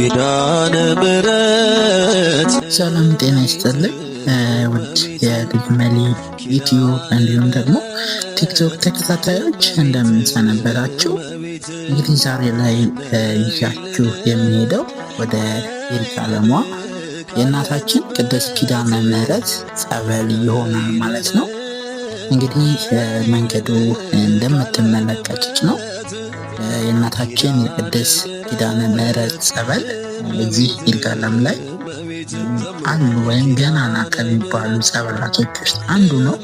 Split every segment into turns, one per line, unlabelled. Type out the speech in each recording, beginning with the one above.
ኪዳነ ምሕረት ሰላም ጤና ይስጥልን። ውድ የልጅ መሊ ዩቲዩብ እንዲሁም ደግሞ ቲክቶክ ተከታታዮች እንደምንሰነበራችሁ። እንግዲህ ዛሬ ላይ ይዣችሁ የሚሄደው ወደ ኢየሩሳሌሟ የእናታችን ቅድስት ኪዳነ ምሕረት ጸበል ይሆናል ማለት ነው። እንግዲህ መንገዱ እንደምትመለከቱት ነው። የእናታችን የቅድስት ኪዳነ ምሕረት ጸበል እዚህ ይርጋለም ላይ አንዱ ወይም ገናና ከሚባሉ ጸበላቶች ውስጥ አንዱ ነው።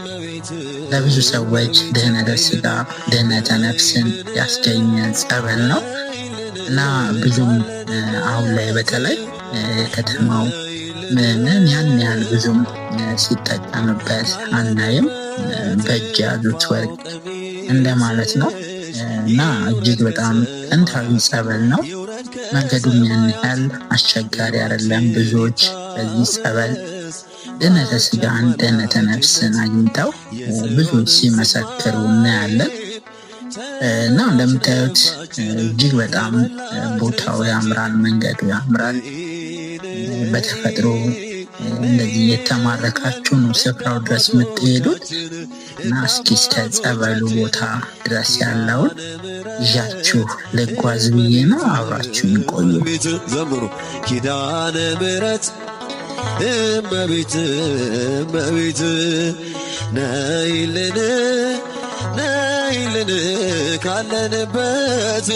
ለብዙ ሰዎች ድህነተ ስጋ ድህነተ ነፍስን ያስገኘ ጸበል ነው እና ብዙም አሁን ላይ በተለይ ከተማው ምን ያን ያህል ብዙም ሲጠቀምበት አናይም። በእጅ ያሉት ወርቅ እንደማለት ነው እና እጅግ በጣም ጥንታዊ ጸበል ነው። መንገዱም ያን ያህል አስቸጋሪ አይደለም። ብዙዎች በዚህ ጸበል ድነተ ስጋን፣ ድህነተ ነፍስን አግኝተው ብዙዎች ሲመሰክሩ እናያለን እና እንደምታዩት እጅግ በጣም ቦታው ያምራል፣ መንገዱ ያምራል። በተፈጥሮ እንደዚህ እየተማረካችሁ ነው ስፍራው ድረስ የምትሄዱት እና እስኪ እስከ ጸበሉ ቦታ ድረስ ያለውን ይዣችሁ ልጓዝ ብዬ ነው። አብራችሁ ይቆዩ። ዘምሩ ኪዳነ ምሕረት እመቤት እመቤት ነይልን ነይልን ካለንበት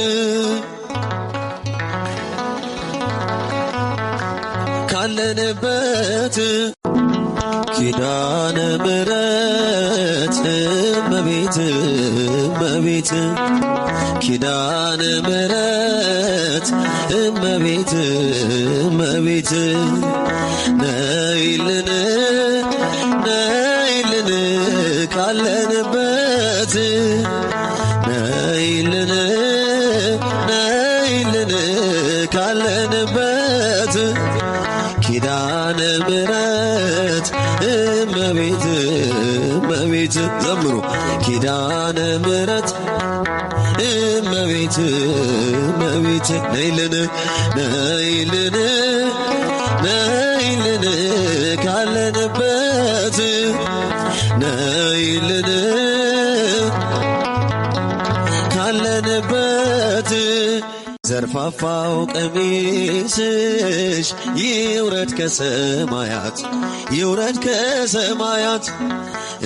ካለንበት ኪዳነ ምሕረት እመቤት እመቤት ኪዳነ ምሕረት እመቤት እመቤት ነይልን ምረት እመቤት እመቤት ዘምሩ ኪዳነ ምሕረት እመቤት እመቤት ነይልን ነይልን ነይልን ካለንበት ነይልን ካለንበት ዘርፋፋው ቀሚስሽ ይውረድ ከሰማያት ይውረድ ከሰማያት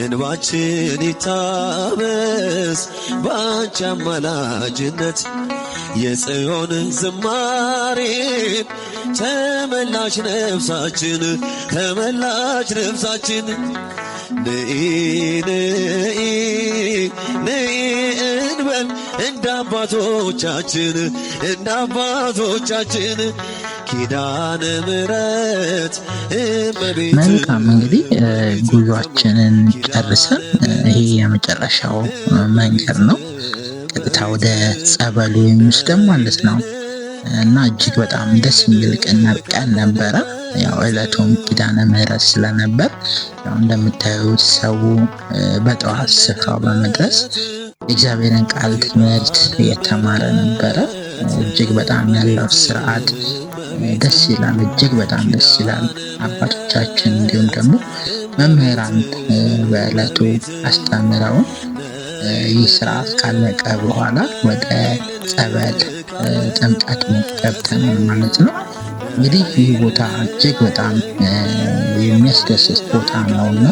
እንባችን ይታበስ ባንቺ አማላጅነት የጽዮን ዝማሬ ተመላሽ ነፍሳችን ተመላሽ ነፍሳችን ንኢን አባቶቻችን እንደ አባቶቻችን ኪዳነ ምሕረት መልካም። እንግዲህ ጉዟችንን ጨርሰን ይሄ የመጨረሻው መንገድ ነው፣ ቀጥታ ወደ ጸበሉ የሚወስደን ማለት ነው። እና እጅግ በጣም ደስ የሚል ቀን ነበረ። ያው ዕለቱም ኪዳነ ምሕረት ስለነበር ያው እንደምታዩት ሰው በጠዋት ስፍራው በመድረስ የእግዚአብሔርን ቃል ትምህርት እየተማረ ነበረ። እጅግ በጣም ያለው ስርዓት ደስ ይላል። እጅግ በጣም ደስ ይላል። አባቶቻችን እንዲሁም ደግሞ መምህራን በዕለቱ አስተምረውን ይህ ስርዓት ካለቀ በኋላ ወደ ጸበል ጥምቀት ገብተን ማለት ነው። እንግዲህ ይህ ቦታ እጅግ በጣም የሚያስደስት ቦታ ነው እና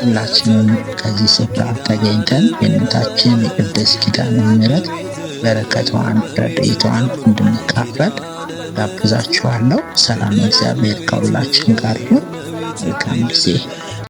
ሁላችንም ከዚህ ስፍራ ተገኝተን የእናታችን የቅድስት ኪዳነ ምሕረት በረከቷን ረድኤቷን እንድንካፈል ጋብዛችኋለሁ። ሰላም፣ እግዚአብሔር ከሁላችን ጋር ይሁን። መልካም ጊዜ